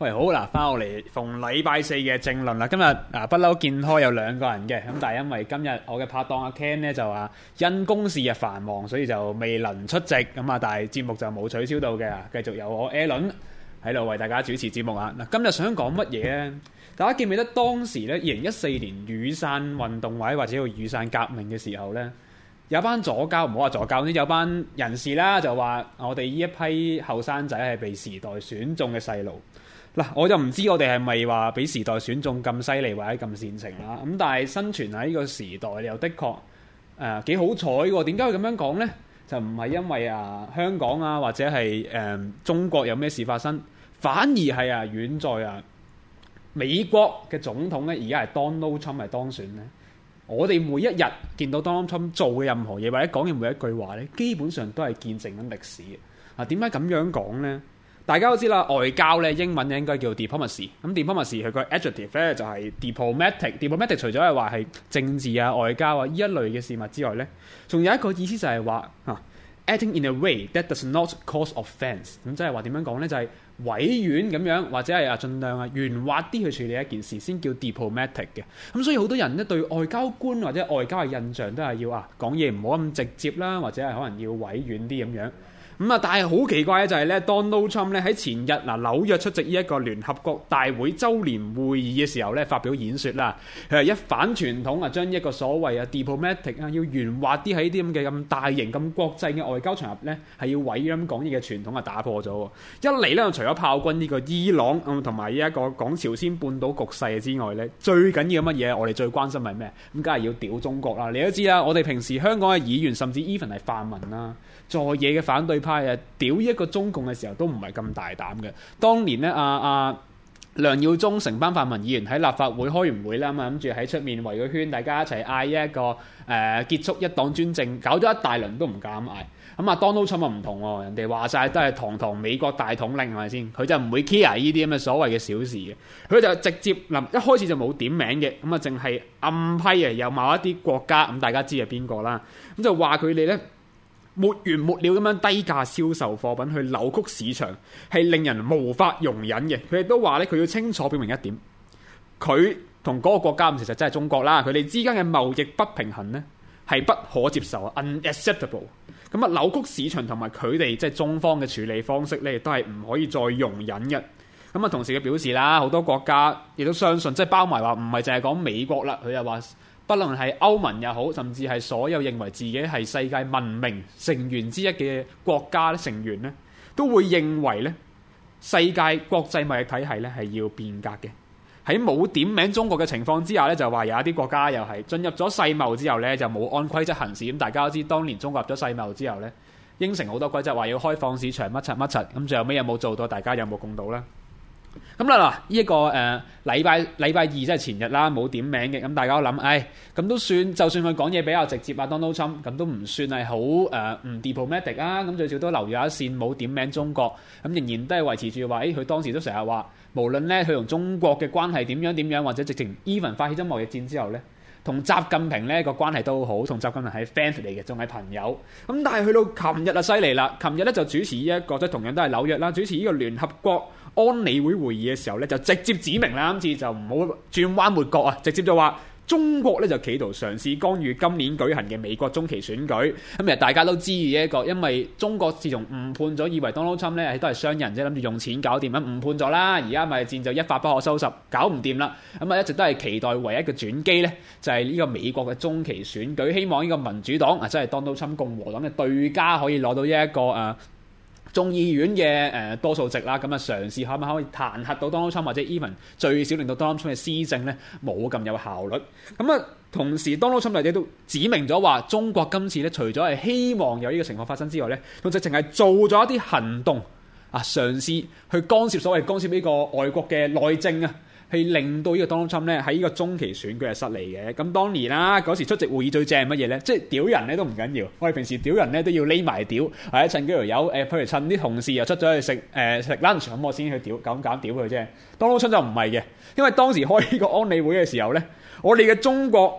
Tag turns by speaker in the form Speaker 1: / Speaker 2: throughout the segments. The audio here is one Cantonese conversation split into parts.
Speaker 1: 喂，好啦，翻我嚟逢禮拜四嘅政論啦。今日啊，不嬲見開有兩個人嘅咁，但係因為今日我嘅拍檔阿 Ken 呢，就話因公事日繁忙，所以就未能出席咁啊。但係節目就冇取消到嘅，繼續由我 Alan 喺度為大家主持節目啊。嗱，今日想講乜嘢咧？大家記唔記得當時咧？二零一四年雨傘運動位或者叫雨傘革命嘅時候咧，有班左膠唔好話左膠，呢有班人士啦，就話我哋呢一批後生仔係被時代選中嘅細路。嗱，我就唔知我哋係咪話俾時代選中咁犀利或者咁煽情啦。咁但係生存喺呢個時代又的確誒幾好彩嘅。點解會咁樣講呢？就唔係因為啊香港啊或者係誒、呃、中國有咩事發生，反而係啊遠在啊美國嘅總統咧，而家係 Donald Trump 係當選咧。我哋每一日見到 Donald Trump 做嘅任何嘢或者講嘅每一句話咧，基本上都係見證緊歷史啊。點解咁樣講呢？大家都知啦，外交咧英文咧應該叫 diplomacy。咁 diplomacy 佢個 adjective 咧就係、是、diplomatic。diplomatic 除咗係話係政治啊、外交啊呢一類嘅事物之外咧，仲有一個意思就係話嚇、啊、acting in a way that does not cause offence。咁即係話點樣講咧？就係、是、委婉咁樣，或者係啊盡量啊圓滑啲去處理一件事，先叫 diplomatic 嘅。咁所以好多人咧對外交官或者外交嘅印象都係要啊講嘢唔好咁直接啦，或者係可能要委婉啲咁樣。咁啊、嗯，但係好奇怪咧，就係咧，Donald Trump 喺前日嗱紐約出席呢一個聯合國大會周年會議嘅時候咧，發表演説啦，佢係一反傳統啊，將一個所謂啊 diplomatic 啊，要圓滑啲喺啲咁嘅咁大型咁國際嘅外交場合咧，係要委婉咁講嘢嘅傳統啊，打破咗。一嚟咧，除咗炮轟呢個伊朗同埋呢一個講朝鮮半島局勢之外咧，最緊要乜嘢？我哋最關心係咩？咁梗係要屌中國啦！你都知啦，我哋平時香港嘅議員甚至 even 係泛民啦、啊，在野嘅反對派。啊！屌一個中共嘅時候都唔係咁大膽嘅。當年咧，阿、啊、阿、啊、梁耀忠成班泛民議員喺立法會開完會啦，嘛，啊諗住喺出面圍個圈，大家一齊嗌一個誒、啊、結束一黨專政，搞咗一大輪都唔敢嗌。咁啊，Donald Trump 又唔同喎，人哋話晒都係堂堂美國大統領係咪先？佢就唔會 care 呢啲咁嘅所謂嘅小事嘅，佢就直接嗱一開始就冇點名嘅，咁啊淨係暗批啊，有某一啲國家，咁大家知係邊個啦？咁就話佢哋咧。沒完沒了咁樣低價銷售貨品去扭曲市場，係令人無法容忍嘅。佢亦都話咧，佢要清楚表明一點，佢同嗰個國家，其實真係中國啦。佢哋之間嘅貿易不平衡呢，係不可接受，unacceptable。咁啊，扭曲市場同埋佢哋即係中方嘅處理方式咧，亦都係唔可以再容忍嘅。咁啊，同時佢表示啦，好多國家亦都相信，即係包埋話唔係淨係講美國啦，佢又話。不論係歐盟又好，甚至係所有認為自己係世界文明成員之一嘅國家成員咧，都會認為咧，世界國際貿易體系咧係要變革嘅。喺冇點名中國嘅情況之下咧，就話有一啲國家又係進入咗世貿之後咧，就冇按規則行事。咁大家都知，當年中國入咗世貿之後咧，應承好多規則，話要開放市場乜柒乜柒，咁最後尾有冇做到，大家有冇共睹啦。咁啦，嗱、嗯，依、這、一個誒禮、呃、拜禮拜二即係前日啦，冇點名嘅，咁、嗯、大家諗，唉、哎，咁都算，就算佢講嘢比較直接啊，Donald Trump，咁都唔算係好誒唔、呃、diplomatic 啊，咁、嗯、最少都留意一線，冇點名中國，咁、嗯、仍然都係維持住話，誒、哎，佢當時都成日話，無論咧佢同中國嘅關係點樣點樣，或者直情 Even 發起咗貿易戰之後咧。同習近平呢個關係都好，同習近平係 friend 嚟嘅，仲係朋友。咁但係去到琴日就犀利啦！琴日咧就主持呢一個，即係同樣都係紐約啦，主持呢個聯合國安理會會議嘅時候咧，就直接指明啦，今次就唔好轉彎抹角啊，直接就話。中國咧就企圖嘗試干預今年舉行嘅美國中期選舉，咁、嗯、啊大家都知嘅一、呢個，因為中國自從誤判咗以為 Donald Trump 咧都係商人啫，諗住用錢搞掂啦、嗯，誤判咗啦，而家咪戰就一發不可收拾，搞唔掂啦，咁、嗯、啊一直都係期待唯一嘅轉機咧，就係、係、呢個美國嘅中期選舉，希望呢個民主黨啊，即係 Donald Trump 共和黨嘅對家可以攞到呢一個啊。眾議院嘅誒、呃、多數席啦，咁啊嘗試可唔可以彈劾到 Donald Trump 或者 Even 最少令到 Donald、um、Trump 嘅施政咧冇咁有效率。咁啊，同時 Donald Trump 亦都指明咗話，中國今次咧除咗係希望有呢個情況發生之外咧，佢直情係做咗一啲行動啊，嘗試去干涉所謂干涉呢個外國嘅內政啊。係令到呢個 Donald Trump 咧喺呢個中期選舉係失利嘅。咁當然啦、啊，嗰時出席會議最正係乜嘢咧？即係屌人咧都唔緊要，我哋平時屌人咧都要匿埋屌，係啊趁幾條友誒，譬如趁啲同事又出咗去食誒食 lunch 咁，呃、我先去屌，敢唔敢屌佢啫。Donald Trump 就唔係嘅，因為當時開呢個安理會嘅時候咧，我哋嘅中國誒、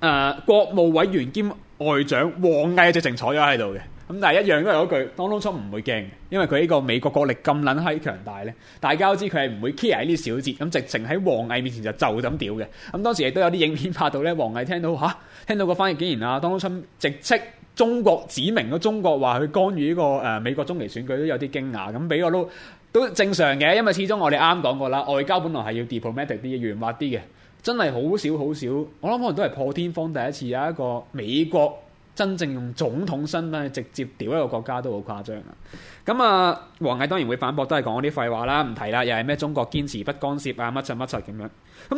Speaker 1: 呃、國務委員兼外長王毅直情坐咗喺度嘅。咁但係一樣都係嗰句，Donald Trump 唔會驚，因為佢呢個美國國力咁撚閪強大咧，大家都知佢係唔會 care 呢啲小節，咁直情喺王毅面前就就咁屌嘅。咁當時亦都有啲影片拍到咧，王毅聽到吓、啊，聽到個翻譯竟然啊，Donald Trump 直斥中國指明咗中國話去干預呢、呢個誒、呃、美國中期選舉，都有啲驚訝。咁俾我都都正常嘅，因為始終我哋啱講過啦，外交本來係要 diplomatic 啲、嘅，圓滑啲嘅，真係好少好少。我諗可能都係破天荒第一次有一個美國。真正用總統身份去直接屌一個國家都好誇張啊！咁啊，王毅當然會反駁，都係講啲廢話啦，唔提啦，又係咩中國堅持不干涉啊，乜柒乜柒咁樣。咁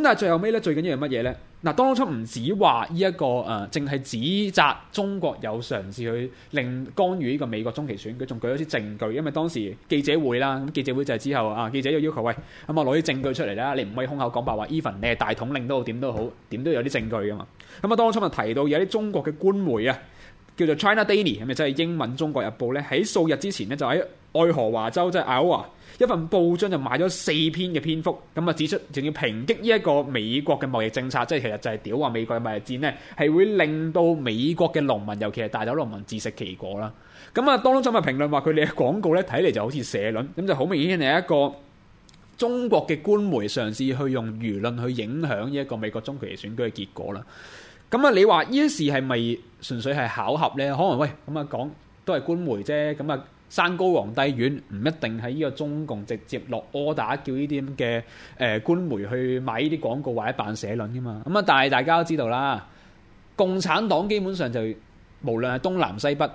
Speaker 1: 但係最後尾咧，最緊要係乜嘢咧？嗱，當初唔止話呢一個誒，淨、呃、係指責中國有嘗試去令干預呢個美國中期選舉，佢仲舉咗啲證據，因為當時記者會啦，咁記者會就係之後啊，記者又要求喂，咁、嗯、我攞啲證據出嚟啦，你唔可以空口講白話，even 你係大統領都好，點都好，點都有啲證據噶嘛。咁、嗯、啊，當初就提到有啲中國嘅官媒啊，叫做 China Daily，咁咪即係英文中國日報咧，喺數日之前咧就喺愛荷華州即係紐啊，一份報章就買咗四篇嘅篇幅，咁啊指出，仲要抨擊呢一個美國嘅貿易政策，即係其實就係屌話美國嘅貿易戰呢係會令到美國嘅農民，尤其係大豆農民自食其果啦。咁啊，當中嘅評論話佢哋嘅廣告呢睇嚟就好似社論，咁就好明顯係一個中國嘅官媒嘗試去用輿論去影響呢一個美國中期選舉嘅結果啦。咁啊，你話呢件事係咪純粹係巧合呢？可能喂，咁啊講都係官媒啫，咁啊～山高皇帝遠，唔一定喺呢個中共直接落 order 叫呢啲咁嘅誒官媒去買呢啲廣告或者辦社論噶嘛。咁啊，但係大家都知道啦，共產黨基本上就無論係東南西北，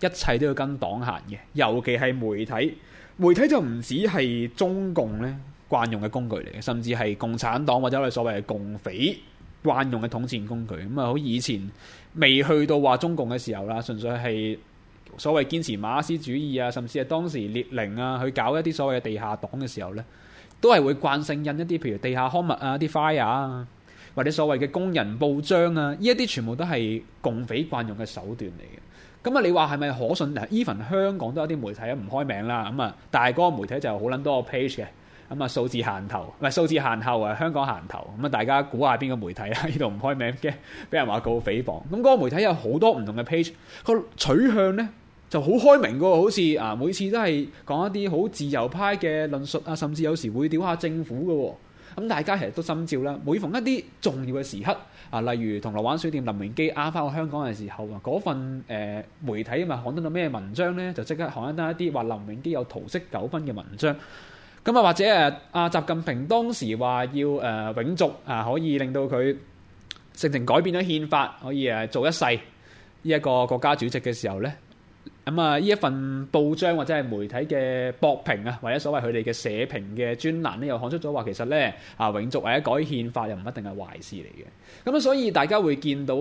Speaker 1: 一切都要跟黨行嘅，尤其係媒體。媒體就唔止係中共咧慣用嘅工具嚟嘅，甚至係共產黨或者我哋所謂嘅共匪慣用嘅統戰工具。咁啊，好以前未去到話中共嘅時候啦，純粹係。所謂堅持馬克思主義啊，甚至係當時列寧啊，去搞一啲所謂嘅地下黨嘅時候呢，都係會慣性印一啲，譬如地下刊物啊、啲 flyer 啊，或者所謂嘅工人報章啊，呢一啲全部都係共匪慣用嘅手段嚟嘅。咁、嗯、啊，你話係咪可信？even 香港都有啲媒體唔開名啦，咁啊，但係個媒體就好捻多個 page 嘅，咁啊數字限頭唔係數字限後啊，香港限頭，咁啊大家估下邊個媒體啊，呢度唔開名嘅，驚俾人話告誹謗。咁、那、嗰個媒體有好多唔同嘅 page，個取向呢。就好開明㗎喎，好似啊，每次都係講一啲好自由派嘅論述啊，甚至有時會屌下政府嘅。咁、啊、大家其實都心照啦。每逢一啲重要嘅時刻啊，例如銅鑼灣書店林榮基啱翻去香港嘅時候啊，嗰份誒、呃、媒體啊嘛刊登到咩文章呢？就即刻刊登一啲話林榮基有桃色糾紛嘅文章。咁啊，或者誒阿、啊、習近平當時話要誒、啊、永續啊，可以令到佢性情改變咗憲法，可以誒、啊、做一世呢一個國家主席嘅時候呢。咁啊！呢、嗯、一份報章或者係媒體嘅博評啊，或者所謂佢哋嘅社評嘅專欄咧，又看出咗話，其實咧啊，永續或者改憲法又唔一定係壞事嚟嘅。咁、嗯、所以大家會見到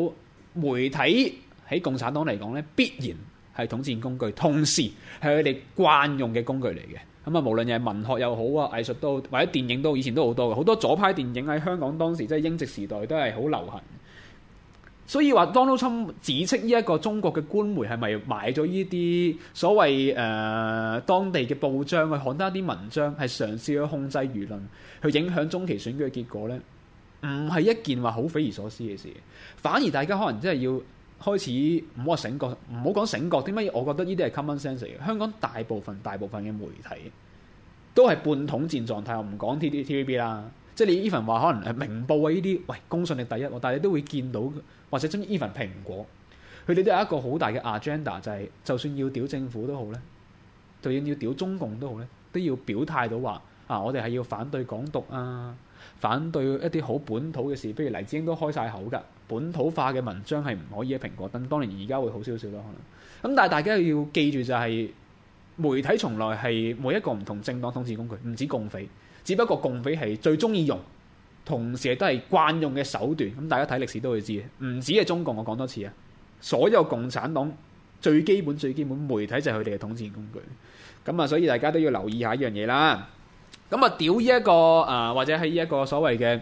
Speaker 1: 媒體喺共產黨嚟講咧，必然係統戰工具，同時係佢哋慣用嘅工具嚟嘅。咁、嗯、啊，無論係文學又好啊，藝術都或者電影都，以前都好，以前好多嘅。好多左派電影喺香港當時即係、就是、英殖時代都係好流行。所以話 Donald Trump 指斥呢一個中國嘅官媒係咪買咗呢啲所謂誒、呃、當地嘅報章去刊登一啲文章，係嘗試去控制輿論，去影響中期選舉嘅結果咧，唔係一件話好匪夷所思嘅事的。反而大家可能真係要開始唔好話醒覺，唔好講醒覺。點解我覺得呢啲係 common sense 嚟嘅？香港大部分、大部分嘅媒體都係半統戰狀態，我唔講 TVB 啦。即係你 even 話可能係明報啊，呢啲，喂，公信力第一，但係你都會見到，或者中意 even 蘋果，佢哋都有一個好大嘅 agenda，就係、是、就算要屌政府都好咧，就算要屌中共都好咧，都要表態到話啊，我哋係要反對港獨啊，反對一啲好本土嘅事，不如黎智英都開晒口㗎，本土化嘅文章係唔可以喺蘋果登，當然而家會好少少啦。」可能。咁但係大家要記住就係、是、媒體從來係每一個唔同政黨統治工具，唔止共匪。只不過共匪係最中意用，同時亦都係慣用嘅手段。咁大家睇歷史都會知，唔止係中共，我講多次啊，所有共產黨最基本、最基本媒體就係佢哋嘅統戰工具。咁啊，所以大家都要留意一下一樣嘢啦。咁啊、這個，屌呢一個啊，或者係呢一個所謂嘅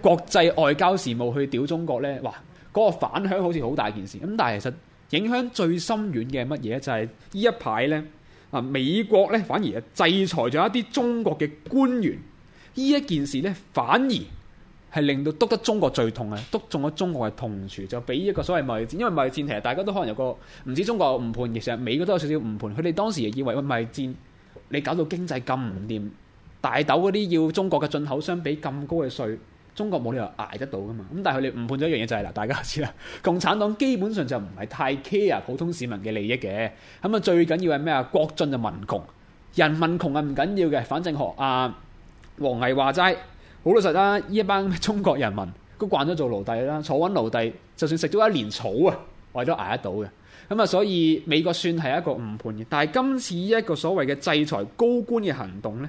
Speaker 1: 國際外交事務去屌中國呢，哇！嗰、那個反響好似好大件事。咁但係其實影響最深遠嘅乜嘢？就係、是、呢一排呢。啊！美國咧反而係制裁咗一啲中國嘅官員，呢一件事咧反而係令到篤得中國最痛啊！篤中咗中國嘅痛處，就俾一個所謂貿易戰，因為貿易戰其實大家都可能有個唔止中國誤判，其實美國都有少少誤判。佢哋當時以為個貿易戰你搞到經濟咁唔掂，大豆嗰啲要中國嘅進口商俾咁高嘅稅。中國冇理由捱得到噶嘛？咁但係佢哋誤判咗一樣嘢就係啦，大家知啦，共產黨基本上就唔係太 care 普通市民嘅利益嘅。咁啊最緊要係咩啊？國進就民窮，人民窮係唔緊要嘅，反正學阿黃毅話齋好老實啦。呢一班中國人民都慣咗做奴隸啦，坐穩奴隸，就算食咗一年草啊，我都捱得到嘅。咁啊，所以美國算係一個誤判嘅。但係今次呢一個所謂嘅制裁高官嘅行動咧。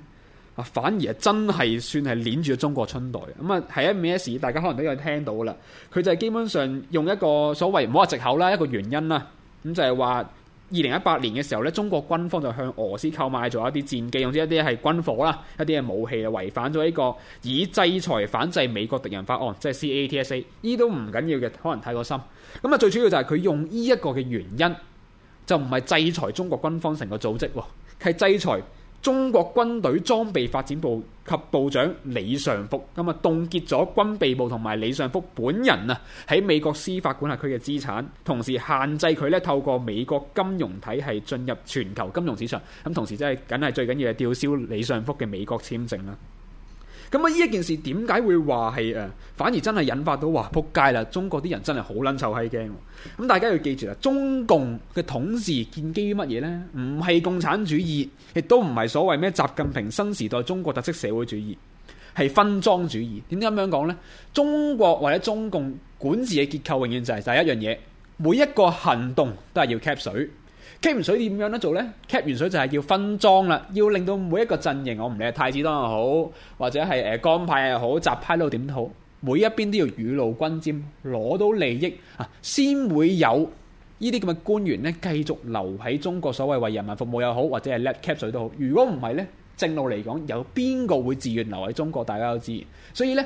Speaker 1: 反而係真係算係攆住咗中國春代咁啊，係 M S，大家可能都有聽到啦。佢就係基本上用一個所謂唔好話藉口啦，一個原因啦，咁就係話二零一八年嘅時候咧，中國軍方就向俄斯購買咗一啲戰機，用一啲係軍火啦，一啲嘅武器啊，違反咗呢個以制裁反制美國敵人法案，即係 C A T S A。呢都唔緊要嘅，可能太過深。咁啊，最主要就係佢用呢一個嘅原因，就唔係制裁中國軍方成個組織喎，係制裁。中國軍隊裝備發展部及部長李尚福，咁啊、嗯，凍結咗軍備部同埋李尚福本人啊，喺美國司法管轄區嘅資產，同時限制佢咧透過美國金融體系進入全球金融市場，咁、嗯、同時真係梗係最緊要係吊銷李尚福嘅美國簽證啦。咁啊，呢一件事點解會話係誒？反而真係引發到話，撲街啦！中國啲人真係好撚臭閪驚。咁大家要記住啦，中共嘅統治建基於乜嘢呢？唔係共產主義，亦都唔係所謂咩習近平新時代中國特色社會主義，係分贓主義。點解咁樣講呢？中國或者中共管治嘅結構，永遠就係第一樣嘢，每一個行動都係要 cap 水。吸完水點樣咧做咧？吸完水就係要分贓啦，要令到每一個陣營，我唔理係太子黨又好，或者係誒江派又好，雜派都點好，每一邊都要雨露均沾，攞到利益啊，先會有呢啲咁嘅官員咧繼續留喺中國，所謂為人民服務又好，或者係 let cap 水都好。如果唔係呢，正路嚟講，有邊個會自願留喺中國？大家都知，所以呢，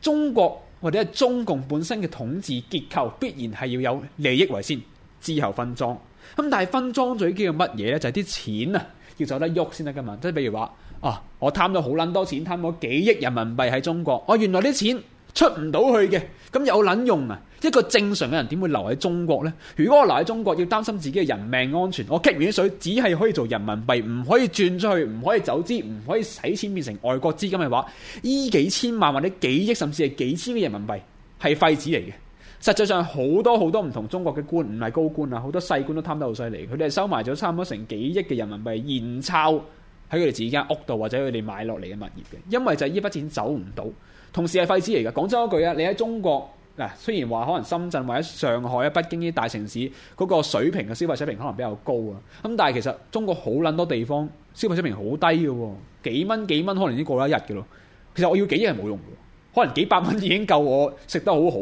Speaker 1: 中國或者係中共本身嘅統治結構，必然係要有利益為先，之後分贓。咁但係分贓最驚嘅乜嘢咧？就係、是、啲錢啊，要走得喐先得噶嘛！即係比如話，啊，我貪咗好卵多錢，貪咗幾億人民幣喺中國，我、啊、原來啲錢出唔到去嘅，咁有卵用啊！一個正常嘅人點會留喺中國咧？如果我留喺中國，要擔心自己嘅人命安全，我吸完啲水只係可以做人民幣，唔可以轉出去，唔可以走資，唔可以使錢變成外國資金嘅話，依幾千萬或者幾億，甚至係幾千億人民幣係廢紙嚟嘅。實際上好多好多唔同中國嘅官，唔係高官啊，好多細官都貪得好犀利。佢哋收埋咗差唔多成幾億嘅人民幣現鈔喺佢哋自己間屋度，或者佢哋買落嚟嘅物業嘅。因為就係呢筆錢走唔到，同時係廢紙嚟㗎。講真一句啊，你喺中國嗱，雖然話可能深圳或者上海啊、北京啲大城市嗰個水平嘅消費水平可能比較高啊，咁但係其實中國好撚多地方消費水平好低嘅喎，幾蚊幾蚊可能已經過咗一日嘅咯。其實我要幾億係冇用嘅，可能幾百蚊已經夠我食得好好。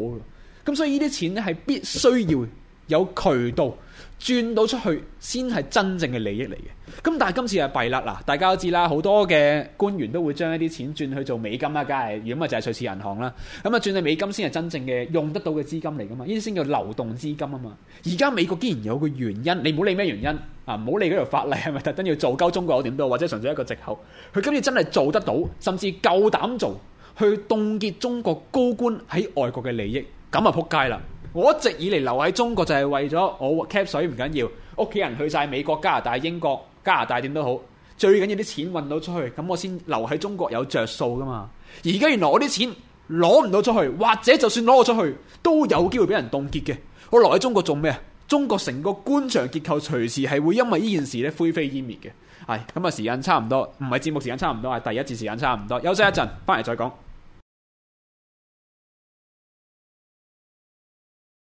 Speaker 1: 咁所以呢啲錢咧係必須要有渠道轉到出去，先係真正嘅利益嚟嘅。咁但係今次係弊啦，嗱，大家都知啦，好多嘅官員都會將一啲錢轉去做美金啦，梗係如果咪就係瑞士銀行啦。咁啊轉去美金先係真正嘅用得到嘅資金嚟噶嘛？呢啲先叫流動資金啊嘛。而家美國竟然有個原因，你唔好理咩原因啊，唔好理嗰條法例係咪特登要做鳩中國點都，或者純粹一個藉口。佢今次真係做得到，甚至夠膽做去凍結中國高官喺外國嘅利益。咁啊撲街啦！我一直以嚟，留喺中國就係為咗我 cap 水唔緊要，屋企人去晒美國、加拿大、英國、加拿大點都好，最緊要啲錢運到出去，咁我先留喺中國有着數噶嘛。而家原來我啲錢攞唔到出去，或者就算攞咗出去，都有機會俾人凍結嘅。我留喺中國做咩啊？中國成個官場結構隨時係會因為呢件事咧灰飛煙滅嘅。係咁啊，時間差唔多，唔係節目時間差唔多啊，係第一節時間差唔多，休息一陣，翻嚟再講。